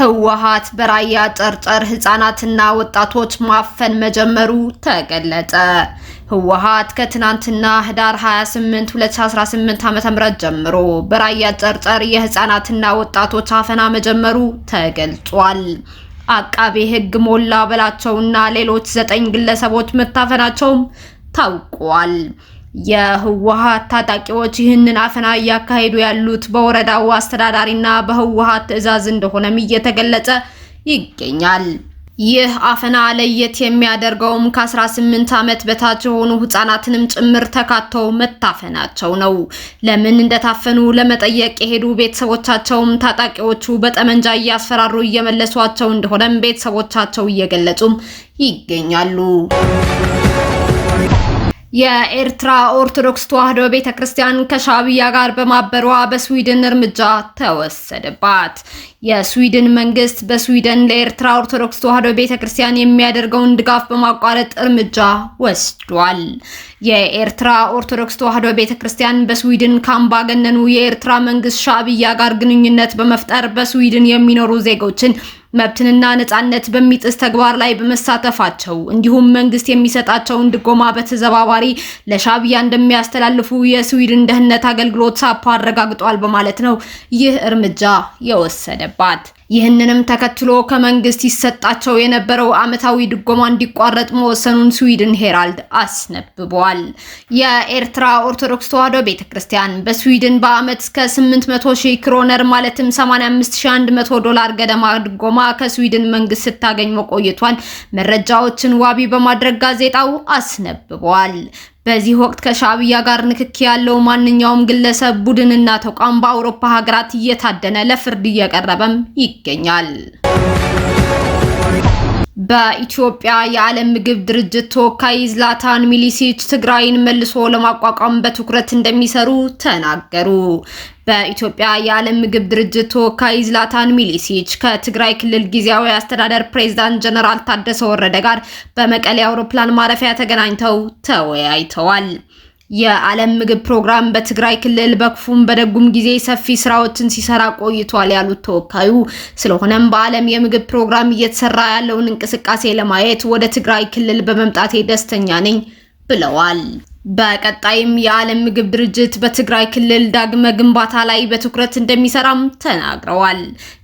ህወሓት በራያ ጨርጨር ህጻናትና ወጣቶች ማፈን መጀመሩ ተገለጸ። ህወሓት ከትናንትና ህዳር 28 2018 ዓ.ም ጀምሮ በራያ ጨርጨር የህጻናትና ወጣቶች አፈና መጀመሩ ተገልጿል። አቃቤ ህግ ሞላ በላቸውና ሌሎች ዘጠኝ ግለሰቦች መታፈናቸውም ታውቋል። የህወሀት ታጣቂዎች ይህንን አፈና እያካሄዱ ያሉት በወረዳው አስተዳዳሪና በህወሀት ትዕዛዝ እንደሆነም እየተገለጸ ይገኛል። ይህ አፈና ለየት የሚያደርገውም ከ18 ዓመት በታች የሆኑ ህጻናትንም ጭምር ተካተው መታፈናቸው ነው። ለምን እንደታፈኑ ለመጠየቅ የሄዱ ቤተሰቦቻቸውም ታጣቂዎቹ በጠመንጃ እያስፈራሩ እየመለሷቸው እንደሆነም ቤተሰቦቻቸው እየገለጹም ይገኛሉ። የኤርትራ ኦርቶዶክስ ተዋህዶ ቤተ ክርስቲያን ጋር በማበሯ በስዊድን እርምጃ ተወሰደባት። የስዊድን መንግስት በስዊድን ለኤርትራ ኦርቶዶክስ ተዋህዶ ቤተ ክርስቲያን የሚያደርገውን ድጋፍ በማቋረጥ እርምጃ ወስዷል። የኤርትራ ኦርቶዶክስ ተዋህዶ ቤተ ክርስቲያን በስዊድን ካምባገነኑ የኤርትራ መንግስት ሻብያ ጋር ግንኙነት በመፍጠር በስዊድን የሚኖሩ ዜጎችን መብትንና ነጻነት በሚጥስ ተግባር ላይ በመሳተፋቸው እንዲሁም መንግስት የሚሰጣቸውን ድጎማ በተዘባባሪ ለሻቢያ እንደሚያስተላልፉ የስዊድን ደህንነት አገልግሎት ሳፓ አረጋግጧል በማለት ነው ይህ እርምጃ የወሰደባት። ይህንንም ተከትሎ ከመንግስት ይሰጣቸው የነበረው ዓመታዊ ድጎማ እንዲቋረጥ መወሰኑን ስዊድን ሄራልድ አስነብቧል። የኤርትራ ኦርቶዶክስ ቤተ ቤተክርስቲያን በስዊድን በአመት እስከ 800 ሺህ ክሮነር ማለትም 85100 ዶላር ገደማ ድጎማ ከስዊድን መንግስት ስታገኝ መቆየቷን መረጃዎችን ዋቢ በማድረግ ጋዜጣው አስነብቧል። በዚህ ወቅት ከሻዕቢያ ጋር ንክኪ ያለው ማንኛውም ግለሰብ ቡድንና ተቋም በአውሮፓ ሀገራት እየታደነ ለፍርድ እየቀረበም ይገኛል። በኢትዮጵያ የዓለም ምግብ ድርጅት ተወካይ ዝላታን ሚሊሲች ትግራይን መልሶ ለማቋቋም በትኩረት እንደሚሰሩ ተናገሩ። በኢትዮጵያ የዓለም ምግብ ድርጅት ተወካይ ዝላታን ሚሊሲች ከትግራይ ክልል ጊዜያዊ አስተዳደር ፕሬዝዳንት ጀነራል ታደሰ ወረደ ጋር በመቀሌ አውሮፕላን ማረፊያ ተገናኝተው ተወያይተዋል። የዓለም ምግብ ፕሮግራም በትግራይ ክልል በክፉም በደጉም ጊዜ ሰፊ ስራዎችን ሲሰራ ቆይቷል ያሉት ተወካዩ፣ ስለሆነም በዓለም የምግብ ፕሮግራም እየተሰራ ያለውን እንቅስቃሴ ለማየት ወደ ትግራይ ክልል በመምጣቴ ደስተኛ ነኝ ብለዋል። በቀጣይም የዓለም ምግብ ድርጅት በትግራይ ክልል ዳግመ ግንባታ ላይ በትኩረት እንደሚሰራም ተናግረዋል።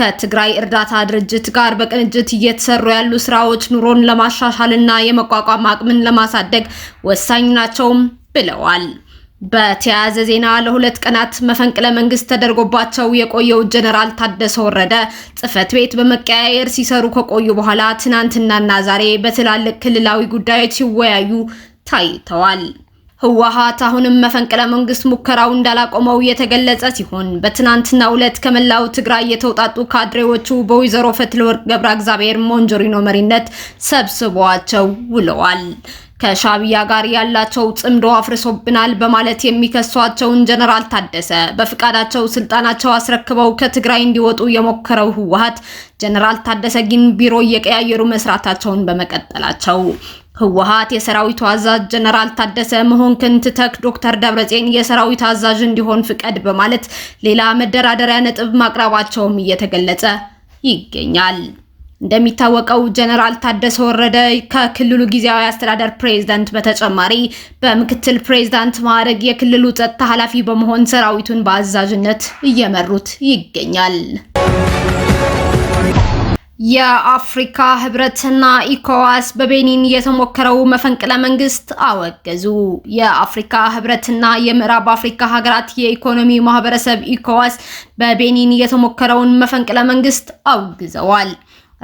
ከትግራይ እርዳታ ድርጅት ጋር በቅንጅት እየተሰሩ ያሉ ስራዎች ኑሮን ለማሻሻልና የመቋቋም አቅምን ለማሳደግ ወሳኝ ናቸውም ብለዋል። በተያያዘ ዜና ለሁለት ቀናት መፈንቅለ መንግስት ተደርጎባቸው የቆየው ጀነራል ታደሰ ወረደ ጽህፈት ቤት በመቀያየር ሲሰሩ ከቆዩ በኋላ ትናንትናና ዛሬ በትላልቅ ክልላዊ ጉዳዮች ሲወያዩ ታይተዋል። ህወሓት አሁንም መፈንቅለ መንግስት ሙከራው እንዳላቆመው የተገለጸ ሲሆን በትናንትናው ዕለት ከመላው ትግራይ የተውጣጡ ካድሬዎቹ በወይዘሮ ፈትለወርቅ ገብረ እግዚአብሔር ሞንጆሪኖ መሪነት ሰብስበዋቸው ውለዋል። ከሻቢያ ጋር ያላቸው ጽምዶ አፍርሶብናል በማለት የሚከሷቸውን ጀነራል ታደሰ በፍቃዳቸው ስልጣናቸው አስረክበው ከትግራይ እንዲወጡ የሞከረው ህወሀት ጀነራል ታደሰ ግን ቢሮ እየቀያየሩ መስራታቸውን በመቀጠላቸው ህወሀት የሰራዊቱ አዛዥ ጀነራል ታደሰ መሆንክን ትተክ ዶክተር ደብረጼን የሰራዊት አዛዥ እንዲሆን ፍቀድ በማለት ሌላ መደራደሪያ ነጥብ ማቅረባቸውም እየተገለጸ ይገኛል። እንደሚታወቀው ጀነራል ታደሰ ወረደ ከክልሉ ጊዜያዊ አስተዳደር ፕሬዝዳንት በተጨማሪ በምክትል ፕሬዝዳንት ማዕረግ የክልሉ ጸጥታ ኃላፊ በመሆን ሰራዊቱን በአዛዥነት እየመሩት ይገኛል። የአፍሪካ ህብረትና ኢኮዋስ በቤኒን የተሞከረው መፈንቅለ መንግስት አወገዙ። የአፍሪካ ህብረትና የምዕራብ አፍሪካ ሀገራት የኢኮኖሚ ማህበረሰብ ኢኮዋስ በቤኒን የተሞከረውን መፈንቅለ መንግስት አውግዘዋል።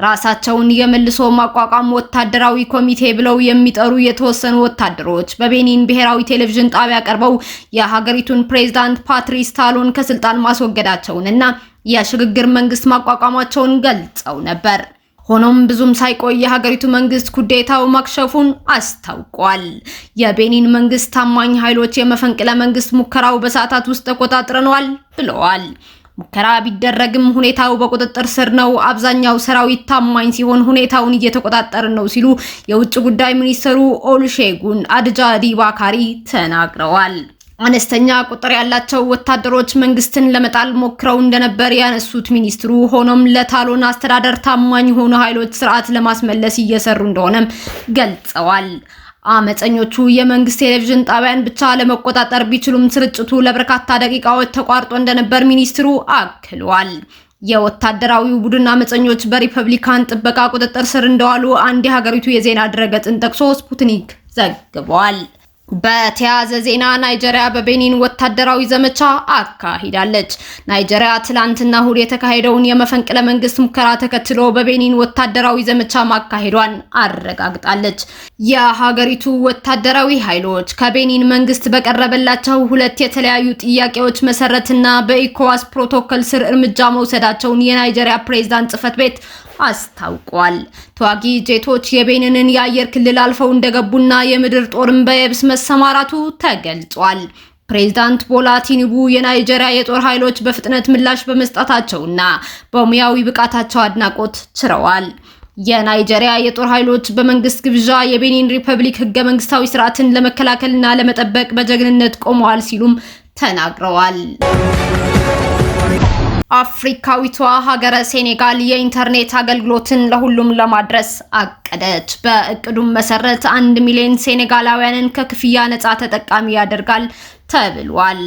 ራሳቸውን የመልሶ ማቋቋም ወታደራዊ ኮሚቴ ብለው የሚጠሩ የተወሰኑ ወታደሮች በቤኒን ብሔራዊ ቴሌቪዥን ጣቢያ ቀርበው የሀገሪቱን ፕሬዝዳንት ፓትሪስ ታሎን ከስልጣን ማስወገዳቸውን እና የሽግግር መንግስት ማቋቋማቸውን ገልጸው ነበር። ሆኖም ብዙም ሳይቆይ የሀገሪቱ መንግስት ኩዴታው ማክሸፉን አስታውቋል። የቤኒን መንግስት ታማኝ ኃይሎች የመፈንቅለ መንግስት ሙከራው በሰዓታት ውስጥ ተቆጣጥረነዋል ብለዋል። ሙከራ ቢደረግም ሁኔታው በቁጥጥር ስር ነው። አብዛኛው ሰራዊት ታማኝ ሲሆን ሁኔታውን እየተቆጣጠርን ነው ሲሉ የውጭ ጉዳይ ሚኒስትሩ ኦልሼጉን አድጃ ዲባካሪ ተናግረዋል። አነስተኛ ቁጥር ያላቸው ወታደሮች መንግስትን ለመጣል ሞክረው እንደነበር ያነሱት ሚኒስትሩ፣ ሆኖም ለታሎን አስተዳደር ታማኝ የሆኑ ኃይሎች ስርዓት ለማስመለስ እየሰሩ እንደሆነም ገልጸዋል። አመፀኞቹ የመንግስት ቴሌቪዥን ጣቢያን ብቻ ለመቆጣጠር ቢችሉም ስርጭቱ ለበርካታ ደቂቃዎች ተቋርጦ እንደነበር ሚኒስትሩ አክሏል። የወታደራዊው ቡድን አመፀኞች በሪፐብሊካን ጥበቃ ቁጥጥር ስር እንደዋሉ አንድ የሀገሪቱ የዜና ድረገጽን ጠቅሶ ስፑትኒክ ዘግቧል። በተያያዘ ዜና ናይጀሪያ በቤኒን ወታደራዊ ዘመቻ አካሂዳለች። ናይጀሪያ ትላንትና እሁድ የተካሄደውን የመፈንቅለ መንግስት ሙከራ ተከትሎ በቤኒን ወታደራዊ ዘመቻ ማካሄዷን አረጋግጣለች። የሀገሪቱ ወታደራዊ ኃይሎች ከቤኒን መንግስት በቀረበላቸው ሁለት የተለያዩ ጥያቄዎች መሰረትና በኢኮዋስ ፕሮቶኮል ስር እርምጃ መውሰዳቸውን የናይጀሪያ ፕሬዝዳንት ጽህፈት ቤት አስታውቋል። ተዋጊ ጄቶች የቤንንን የአየር ክልል አልፈው እንደገቡና የምድር ጦርን በየብስ መሰማራቱ ተገልጿል። ፕሬዝዳንት ቦላ ቲኒቡ የናይጄሪያ የጦር ኃይሎች በፍጥነት ምላሽ በመስጠታቸውና በሙያዊ ብቃታቸው አድናቆት ችረዋል። የናይጄሪያ የጦር ኃይሎች በመንግስት ግብዣ የቤኒን ሪፐብሊክ ህገ መንግስታዊ ስርዓትን ለመከላከልና ለመጠበቅ በጀግንነት ቆመዋል ሲሉም ተናግረዋል። አፍሪካዊቷ ሀገረ ሴኔጋል የኢንተርኔት አገልግሎትን ለሁሉም ለማድረስ አቀደች። በእቅዱም መሰረት አንድ ሚሊዮን ሴኔጋላውያንን ከክፍያ ነጻ ተጠቃሚ ያደርጋል ተብሏል።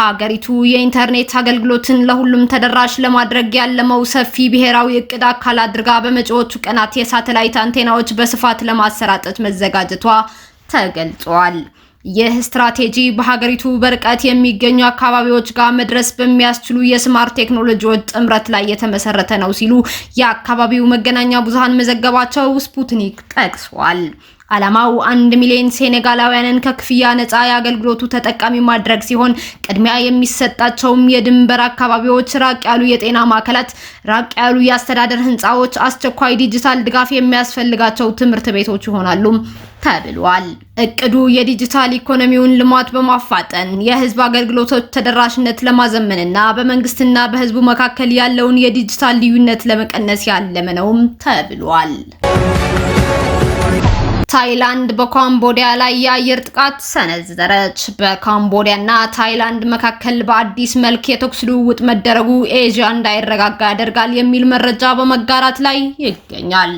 ሀገሪቱ የኢንተርኔት አገልግሎትን ለሁሉም ተደራሽ ለማድረግ ያለመው ሰፊ ብሔራዊ እቅድ አካል አድርጋ በመጪዎቹ ቀናት የሳተላይት አንቴናዎች በስፋት ለማሰራጨት መዘጋጀቷ ተገልጿል። ይህ ስትራቴጂ በሀገሪቱ በርቀት የሚገኙ አካባቢዎች ጋር መድረስ በሚያስችሉ የስማርት ቴክኖሎጂዎች ጥምረት ላይ የተመሰረተ ነው ሲሉ የአካባቢው መገናኛ ብዙሃን መዘገባቸው ስፑትኒክ ጠቅሷል። ዓላማው አንድ ሚሊዮን ሴኔጋላውያንን ከክፍያ ነጻ የአገልግሎቱ ተጠቃሚ ማድረግ ሲሆን ቅድሚያ የሚሰጣቸውም የድንበር አካባቢዎች፣ ራቅ ያሉ የጤና ማዕከላት፣ ራቅ ያሉ የአስተዳደር ህንፃዎች፣ አስቸኳይ ዲጂታል ድጋፍ የሚያስፈልጋቸው ትምህርት ቤቶች ይሆናሉ ተብሏል። እቅዱ የዲጂታል ኢኮኖሚውን ልማት በማፋጠን የህዝብ አገልግሎቶች ተደራሽነት ለማዘመንና በመንግስትና በህዝቡ መካከል ያለውን የዲጂታል ልዩነት ለመቀነስ ያለመ ነውም ተብሏል። ታይላንድ በካምቦዲያ ላይ የአየር ጥቃት ሰነዘረች። በካምቦዲያና ታይላንድ መካከል በአዲስ መልክ የተኩስ ልውውጥ መደረጉ ኤዥያ እንዳይረጋጋ ያደርጋል የሚል መረጃ በመጋራት ላይ ይገኛል።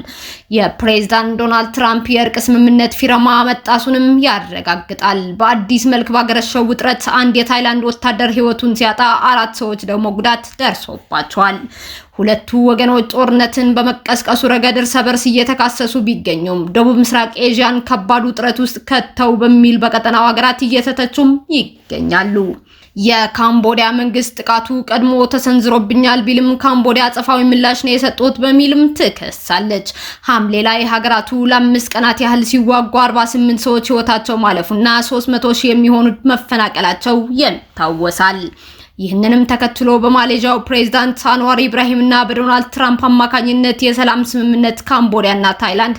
የፕሬዝዳንት ዶናልድ ትራምፕ የእርቅ ስምምነት ፊርማ መጣሱንም ያረጋግጣል። በአዲስ መልክ ባገረሸው ውጥረት አንድ የታይላንድ ወታደር ሕይወቱን ሲያጣ አራት ሰዎች ደግሞ ጉዳት ደርሶባቸዋል። ሁለቱ ወገኖች ጦርነትን በመቀስቀሱ ረገድ እርስ በርስ እየተካሰሱ ቢገኙም ደቡብ ምስራቅ ኤዥያን ከባድ ውጥረት ውስጥ ከተው በሚል በቀጠናው ሀገራት እየተተቹም ይገኛሉ። የካምቦዲያ መንግስት ጥቃቱ ቀድሞ ተሰንዝሮብኛል ቢልም ካምቦዲያ አጸፋዊ ምላሽ ነው የሰጡት በሚልም ትከሳለች። ሐምሌ ላይ ሀገራቱ ለአምስት ቀናት ያህል ሲዋጉ 48 ሰዎች ህይወታቸው ማለፉና 300 ሺህ የሚሆኑት መፈናቀላቸው ይታወሳል። ይህንንም ተከትሎ በማሌዥያው ፕሬዝዳንት አንዋር ኢብራሂም እና በዶናልድ ትራምፕ አማካኝነት የሰላም ስምምነት ካምቦዲያ እና ታይላንድ